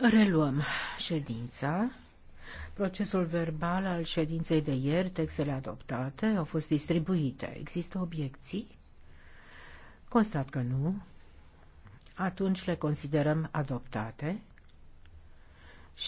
Reluăm ședința. Procesul verbal al ședinței de ieri, textele adoptate, au fost distribuite. Există obiecții? Constat că nu. Atunci le considerăm adoptate.